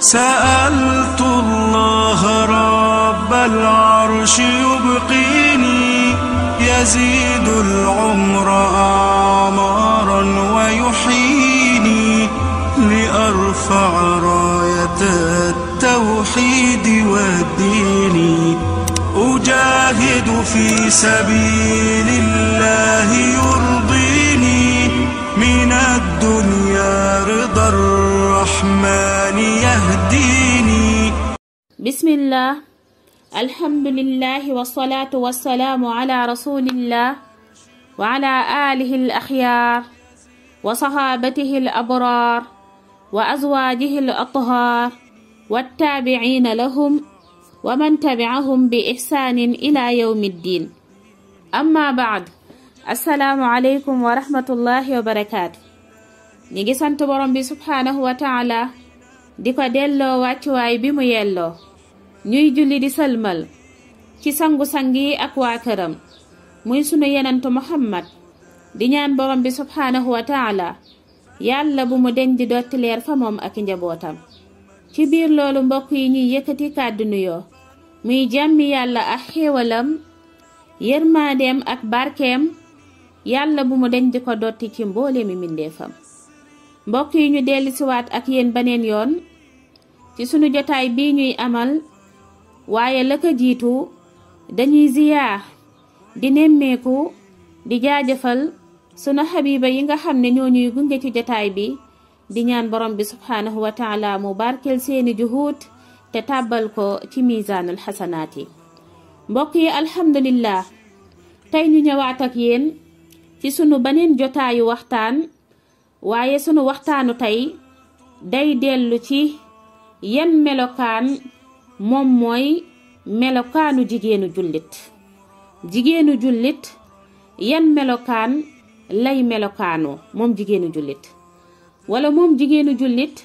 سألت الله رب العرش يبقيني يزيد العمر أعمارا ويحييني لأرفع راية التوحيد والدين أجاهد في سبيل الله يرضيني من الدنيا رضا الرحمن يهديني بسم الله الحمد لله والصلاة والسلام على رسول الله وعلى آله الأخيار وصحابته الأبرار وأزواجه الأطهار والتابعين لهم ومن تبعهم بإحسان إلى يوم الدين أما بعد السلام عليكم ورحمة الله وبركاته ñi ngi sant borom bi subhaanahu wa taala di ko delloo wàccuwaay bi mu yelloo ñuy julli di sëlmal ci sangu-sang yi ak waa këram muy sunu yenentu muhammad di ñaan borom bi subhaanahu wa yàlla bu mu deñ di fa moom ak njabootam ci biir loolu mbokk yi ñuy yëkkati kàddu nuyoo muy jàmmi yàlla ak xéewalam yërmaandeem ak barkeem yàlla bu mu deñ di ko dotti ci mboole mi mbindeefam mbokk yi ñu dellusiwaat ak yéen beneen yoon ci sunu jotaay bii ñuy amal waaye la ko dañuy ziyaar di nemmeeku di jaajëfal sunu xabiba yi nga xam ne ñoo ñuy gunge ci jotaay bi di ñaan borom bi subhaanahu wa mu barkeel seeni juhuut te tàbbal ko ci miisaanul xasanaat yi mbokk yi alhamdulillah tey ñu ñëwaat ak yéen ci sunu beneen jotaayu waxtaan waaye sunu waxtaanu tey day dellu ci yan melokaan moom mooy melokaanu jigéenu jullit jigéenu jullit yan melokaan lay melokaanoo moom jigéenu jullit wala moom jigéenu jullit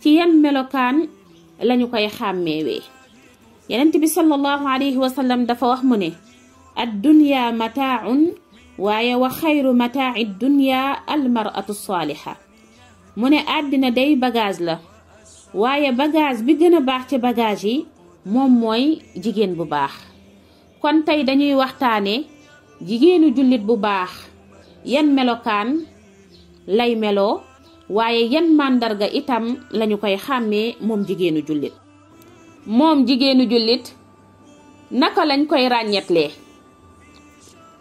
ci yan melokaan lañu koy xàmmeewee yenent bi sallallahu alayhi wa dafa wax mu ne ad dunya waaye wa xayru mataaci dunya almaratu saaliha mu ne àddina day bagage la waaye bagaas bi gën baax ci bagaas yi moom mooy jigéen bu baax kon tey dañuy waxtaane jigéenu jullit bu baax yan melokaan lay melo waaye yan màndarga itam lañu koy xàmmee moom jigéenu jullit moom jigéenu jullit naka lañ koy ràññetle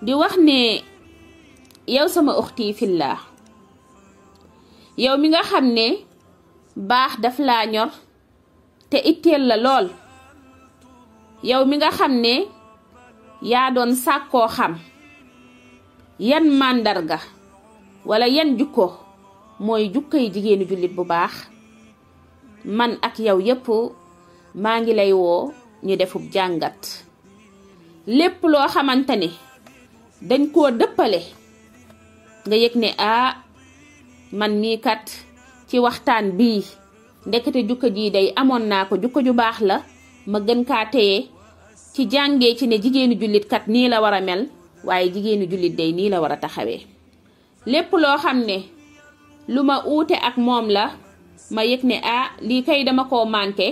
di wax ne yow sama uxti fillah yow mi nga xam ne baax daf laa ñor te itteel la lool yow mi nga xam ne yaa doon sàkkoo xam yan màndarga wala yan jukko mooy jukkay jigéenu jullit bu baax man ak yow yépp maa ngi lay woo ñu defub jàngat lépp loo xamante ne dañ koo dëppale nga yëg ne ah man mii kat ci waxtaan bii ndekete jukka jii day amoon naa ko jukka ju baax la ma gën kaa téye ci jànge ci ne jigéenu jullit kat nii la war a mel waaye jigéenu jullit day nii la war a taxawee lépp loo xam ne lu ma uute ak moom la ma yëg ne ah lii kay dama koo manqué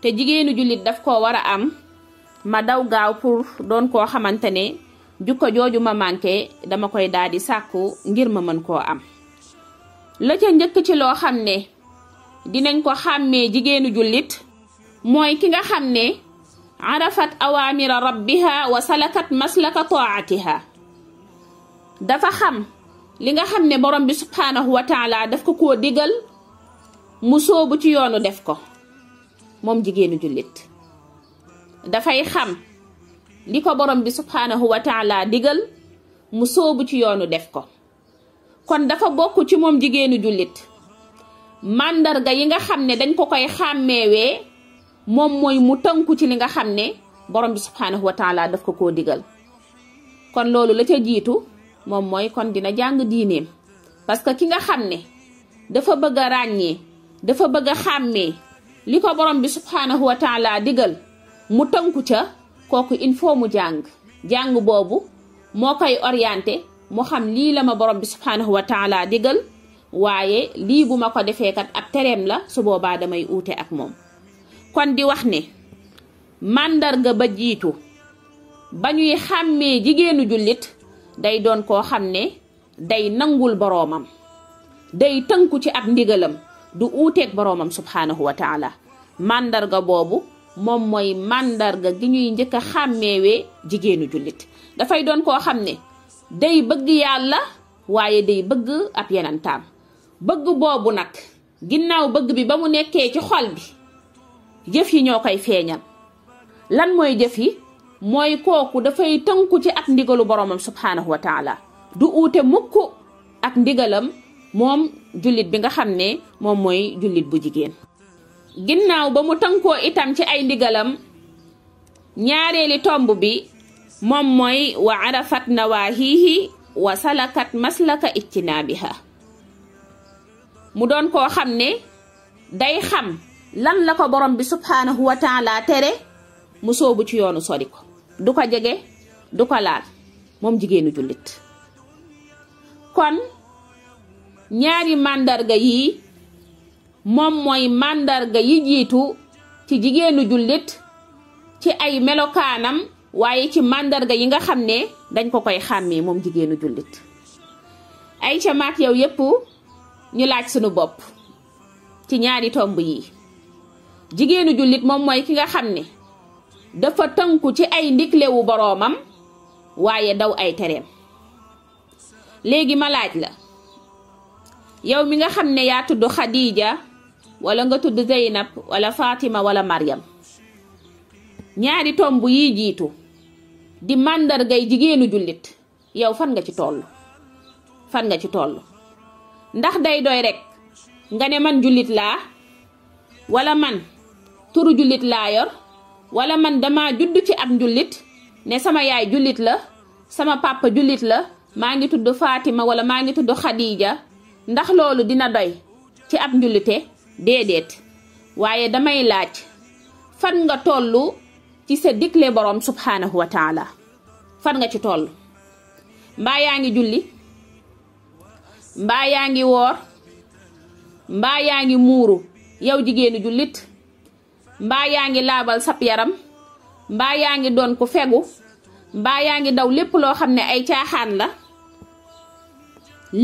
te jigéenu jullit daf koo war a am ma daw gaaw pour doon koo xamante ne jukko jooju ma manqué dama koy daal di sàkku ngir ma mën koo am la ca njëkk ci loo xam ne dinañ ko xàmmee jigéenu jullit mooy ki nga xam ne arafat awaamira rabbiha wa salakat maslaka taatiha dafa xam li nga xam ne borom bi subhaanahu wa taala daf ko ko digal mu soobu ci yoonu def ko moom jigéenu jullit dafay xam li ko borom bi subhaanahu wa taala digal mu sóobu ci yoonu def ko kon dafa bokk ci moom jigéenu jullit màndarga yi nga xam ne dañ ko koy xàmmeewee moom mooy mu tënku ci li nga xam ne borom bi subhaanahu wa taala daf ko koo digal kon loolu la ca jiitu moom mooy kon dina jàng diineem parce que ki nga xam ne dafa bëgg a ràññee dafa bëgg a xàmmee li ko borom bi subhaanahu wa taala digal mu tënku ca kooku il faut mu jàng jàng boobu moo koy oriente moo xam lii la ma borom bi subhaanahu wa taala digal waaye lii bu ma ko defee kat ab tereem la su boobaa damay uute ak moom kon di wax ne màndarga ba jiitu ba ñuy xàmmee jigéenu jullit day doon koo xam ne day nangul boroomam day tënku ci ab ndigalam du uuteeg boroomam subhaanahu wa màndarga boobu moom mooy màndarga gi ñuy njëkk a xàmmeewee jigéenu jullit dafay doon koo xam ne day bëgg yàlla waaye day bëgg ab yenantaam bëgg boobu nag ginnaaw bëgg bi ba mu nekkee ci xol bi jëf yi ñoo koy feeñal lan mooy jëf yi mooy kooku dafay tënku ci ak ndigalu boromam subhaanahu du uute mukk ak ndigalam moom jullit bi nga xam ne moom mooy jullit bu jigéen ginnaaw ba mu tënkoo itam ci ay ndigalam ñaareeli tomb bi moom mooy wa arafat nawaahihi wa salakat maslaka ijtinaabiha mu doon koo xam ne day xam lan la ko borom bi subhaanahu wa taala tere mu soobu ci yoonu soli ko du ko jege du ko laal moom jigéenu jullit kon ñaari màndarga yi moom mooy màndarga yi jiitu ci jigéenu jullit ci ay melokaanam waaye ci màndarga yi nga xam ne dañ ko koy xàmmee moom jigéenu jullit ay ca maak yow yépp ñu laaj sunu bopp ci ñaari tomb yi jigéenu jullit moom mooy ki nga xam ne dafa tënku ci ay ndiglewu boroomam waaye daw ay tereem léegi ma laaj la yow mi nga xam ne yaa tudd Xadiija wala nga tudd Zeynab wala Fatima wala Maryam ñaari tomb yi jiitu di màndargay jigéenu jullit yow fan nga ci toll fan nga ci toll ndax day doy rekk nga ne man jullit laa wala man turu jullit laa yor wala man dama judd ci ab njullit ne sama yaay jullit la sama papa jullit la maa ngi tudd Fatima wala maa ngi tudd Khadija ndax loolu dina doy ci ab njullite déedéet waaye damay laaj fan nga tollu ci sa digle boroom subhaanahu wa taala fan nga ci toll mbaa yaa ngi julli mbaa yaa ngi woor mbaa yaa ngi muuru yow jigéenu jullit mbaa yaa ngi laabal sab yaram mbaa yaa ngi doon ku fegu mbaa yaa ngi daw lépp loo xam ne ay caaxaan la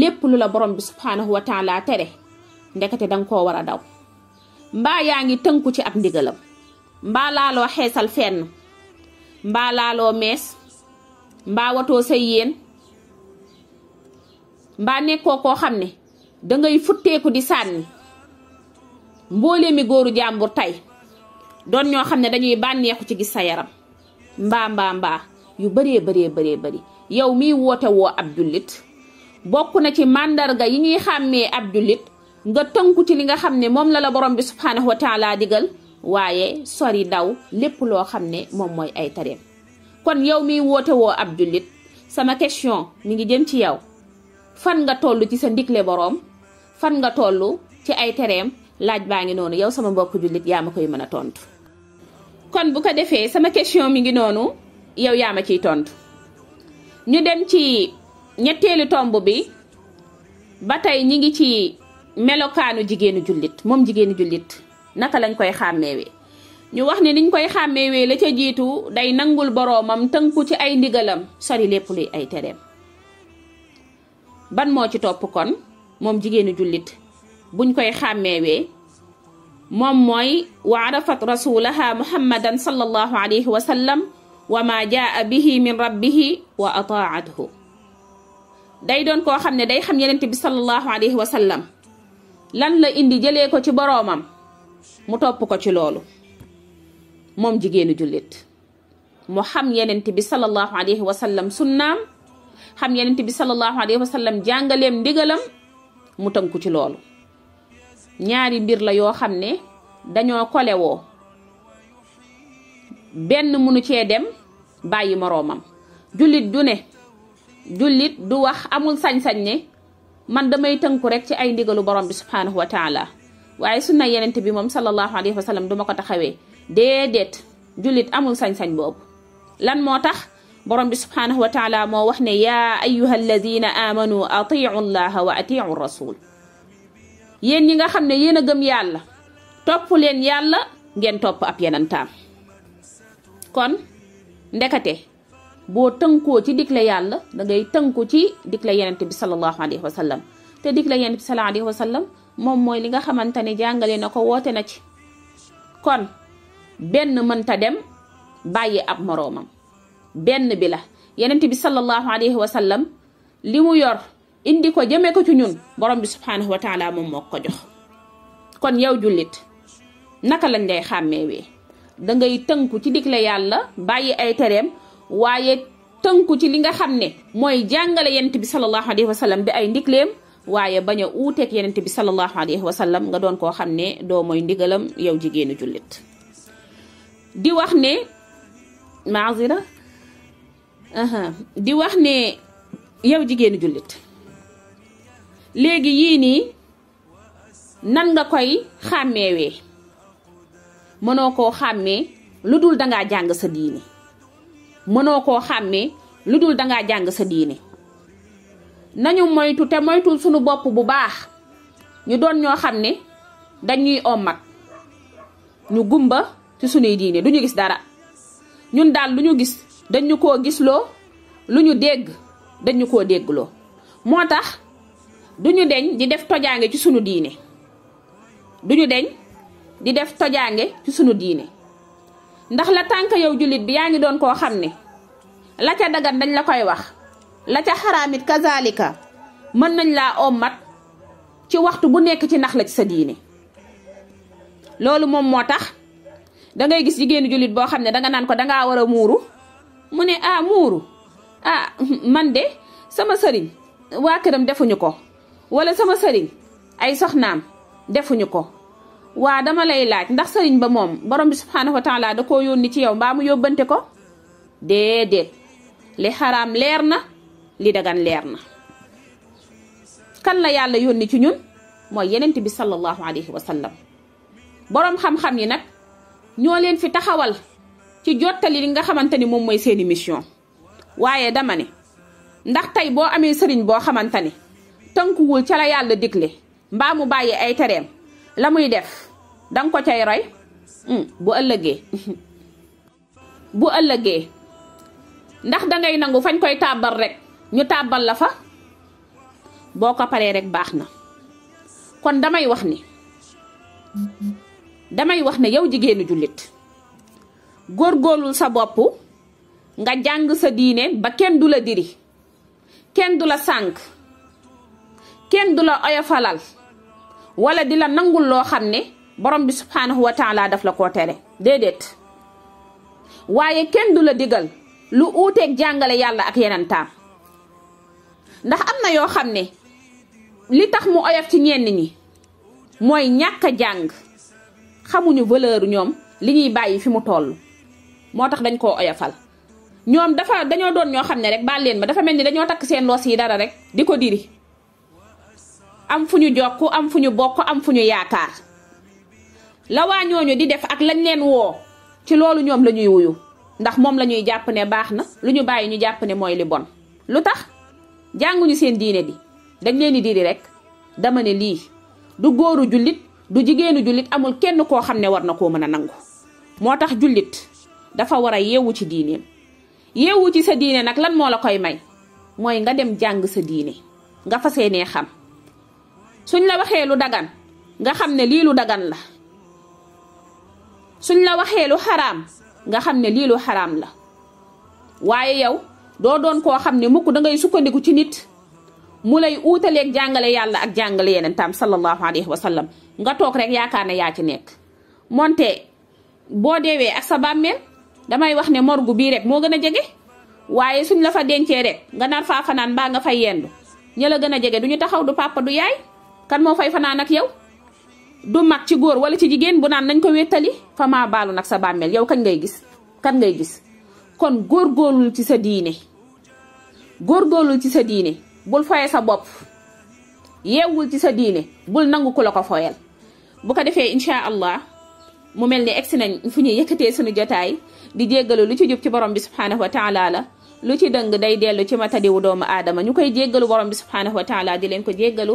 lépp lu la borom bi subhaanahu wa tere ndekete danga ko war a daw mbaa yaa ngi tënku ci ab ndigalam mbaa laaloo xeesal fenn mbaa laaloo mees mbaa watoo say yéen mbaa nekkoo koo xam ne dangay futteeku di sànni mboolee góoru jàmbur tey doon ñoo xam ne dañuy bànneexu ci gis sa yaram mbaa mbaa mbaa yu bëree bëree bëree bëri yow miy woote woo ab jullit bokk na ci màndarga yi ñuy xàmmee ab jullit nga tënku ci li nga xam ne moom la la borom bi subhaanahu wa taala digal waaye sori daw lépp loo xam ne moom mooy ay tareem kon yow miy woote woo ab jullit sama question mi ngi jëm ci yow fan nga toll ci sa ndigle borom fan nga toll ci ay tereem laaj baa ngi noonu yow sama mbokk jullit yaa ma koy mën a tontu. kon bu ko defee sama question mi ngi noonu yow yaa ma ciy tontu ñu dem ci ñetteelu tomb bi ba tey ñu ngi ci melokaanu jigéenu jullit moom jigéenu jullit naka lañ koy xàmmeewee ñu wax ne niñ koy xàmmeewee la ca jiitu day nangul boroomam tënku ci ay ndigalam sori lépp luy ay tereem ban moo ci topp kon moom jigéenu jullit buñ koy xàmmeewee moom mooy wa arafat rasulaha muhammadan sallallahu alayhi wa sallam wa ma jaa bihi min rabbihi wa ataathu day doon koo xam ne day xam yenent bi sallallahu alayhi wa lan la indi jëlee ko ci boroomam mu topp ko ci loolu moom jigéenu jullit mu xam yenent bi sallallahu alayhi wa sallam sunnaam xam yenent bi sallallahu alayhi wa sallam jàngaleem ndigalam mu tënku ci loolu ñaari mbir la yoo xam ne dañoo kolewoo benn mënu cee dem bàyyi moroomam jullit du ne jullit du wax amul sañ-sañ ne man damay tënku rek ci ay ndigalu borom bi subhaanahu wa taala waaye sunna yenente bi moom sallallahu alayhi wa sallam duma ko taxawee déedéet amul sañ-sañ boobu lan moo tax borom bi subhaanahu wa taala moo wax ne yaa ayuha alladina amanu atiu llaha wa atiu rasul yéen ñi nga xam ne yéen a gëm yàlla topp leen yàlla ngeen topp ab tam kon ndekate boo tënkoo ci digle yàlla da ngay tënku ci digle yenent bi sallallahu alayhi wa sallam te digle yenent bi sallallahu alayhi wa moom mooy li nga xamante ne jàngale na ko woote na ci kon benn mënta dem bàyyi ab moroomam benn bi la yeneent bi sallallahu alayhi wa sallam li mu yor indi ko jëmee ko ci ñun borom bi subhanahu wa moom moo ko jox kon yow jullit naka lañ lay xàmmeewee da ngay tënku ci digle yàlla bàyyi ay tereem waaye tënku ci li nga xam ne mooy jàngale yenent bi sallallahu alayhi wa sallam bi ay ndigleem waaye bañ a uuteeg yenent bi sallallahu alayhi wa sallam nga doon koo xam ne doo mooy ndigalam yow jigéenu jullit di wax ne maazira di wax ne yow jigéenu jullit léegi yii nii nan nga koy xàmmeewee mënoo koo xàmmee lu dul dangaa jàng sa diini mënoo koo xàmmee lu dul dangaa jàng sa diine nañu moytu te moytul sunu bopp bu baax ñu doon ñoo xam ne dañuy ommat ñu gumba ci sunuy diine du ñu gis dara ñun daal lu ñu gis dañu koo gisloo lu ñu dégg dañu koo déggloo moo tax duñu deñ di def tojaange ci sunu diine duñu deñ di def tojaange ci sunu diine ndax la tànk yow jullit bi yaa ngi doon koo xam ne la ca dañ la koy wax la ca xaraamit kazalika mën nañ laa mat ci waxtu bu nekk ci nax la ci sa diine loolu moom moo tax dangay ngay gis jigéenu jullit boo xam ne danga naan ko dangaa war a muuru mu ne ah muuru ah man de sama sëriñ waa këram defuñu ko wala sama sëriñ ay soxnaam defuñu ko waa dama lay laaj ndax sëriñ ba moom borom bi subhaanahu wa taala da koo yónni ci yow mbaa mu yóbbante ko déedéet li xaraam leer na li dagan leer na kan la yàlla yónni ci ñun mooy yenent bi sallallahu alayhi wa sallam boroom xam-xam yi nag ñoo leen fi taxawal ci jottali li nga xamante ni moom mooy seeni mission waaye dama ne ndax tey boo amee sëriñ boo xamante ni tënkuwul ca la yàlla digle mbaa mu bàyyi ay tereem la muy def danga ko cay roy hmm, bu ëllëgee bu ëllëgee ndax dangay nangu fañ koy tàbbal rek ñu tàbbal la fa boo ko paree rekk baax na kon damay wax ni damay wax ne yow jigéenu jullit góorgóorlul sa bopp nga jàng sa diine ba kenn du la diri kenn du la sànk kenn du la oyofalal wala di la nangul loo xam ne borom bi subhaanahu wa taala daf la koo tere déedéet waaye kenn du la digal lu uuteeg jàngale yàlla ak yeneen ndax am na yoo xam ne li tax mu oyof ci ñenn ñi mooy ñàkk a jàng xamuñu valeur ñoom li ñuy bàyyi fi mu toll moo tax dañ koo oyofal ñoom dafa dañoo doon ñoo xam ne rek baal leen ma dafa mel ni dañoo takk seen loos yi dara rek di ko diri am fu ñu jokk am fu ñu bokk am fu ñu yaakaar la waa ñooñu di def ak lañ leen woo ci loolu ñoom la ñuy wuyu ndax moom la ñuy jàpp ne baax na lu ñu bàyyi ñu jàpp ne mooy li bon. lu tax jànguñu seen diine bi dañ leen di diri rek dama ne lii du góoru jullit du jigéenu jullit amul kenn koo xam ne war na koo mën a nangu moo tax jullit dafa war a yeewu ci diineem yeewu ci sa diine nag lan moo la koy may mooy nga dem jàng sa diine nga fas yéenee xam. suñ la waxeelu dagan nga xam ne liilu dagan la suñ la waxeelu xaraam nga xam ne lii lu xaraam la waaye yow doo doon koo xam ne mukk dangay sukkandiku ci nit mu lay uutaleeg jàngale yàlla ak jàngale yeneen taam sallallahu alayhi wa sallam nga toog rek yaakaar ne yaa ci nekk moonte boo deewee ak sa bàmmeel damay wax ne morgu bii rek moo gën a jege waaye suñ la fa dencee rek nga nar faa fanaan baa nga fay yendu ña la gën a jege du ñu taxaw du papa du yaay kan moo fay fanaan ak yow du mag ci góor wala ci jigéen bu naan nañ ko wéttali fa maa baalu nag sa bàmmeel yow kañ ngay gis kan ngay gis kon góor ci sa diine góorgóorlul ci sa diine bul foye sa bopp yeewul ci sa diine bul nangu ku la ko foyal bu ko defee incha allah mu mel ni egsi nañ fu ñuy yëkkatee suñu jotaay di jéggalu lu ci jub ci borom bi subhaanahu wa taala lu ci dëng day dellu ci matadiwu doomu aadama ñu koy jéggalu borom bi subhaanahu wa taala di leen ko jéggalu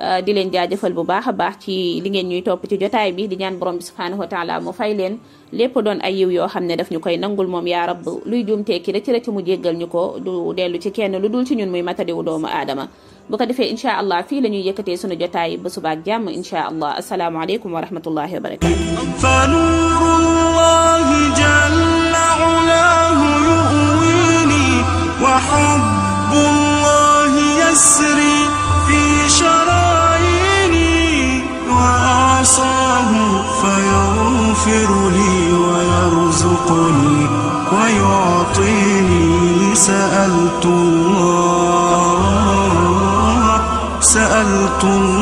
Euh, di leen jaajëfal bu baax a baax ci li ngeen ñuy topp ci jotaay bi di ñaan borom bi subhaanahu wa taala mu fay leen lépp doon a yiw yoo xam ne daf ñu koy nangul moom yaa rab luy juumteeki rëcc rëcc mu jéggal ñu ko du dellu ci kenn lu dul ci ñun muy matadiwu doomu aadama bu ko defee incha allah fii la ñuy yëkkatee sunu jotaay ba subaak jàmm incha allah asalaamualeykum wa rahmatullahi wa barakatu سألت الله سألت الله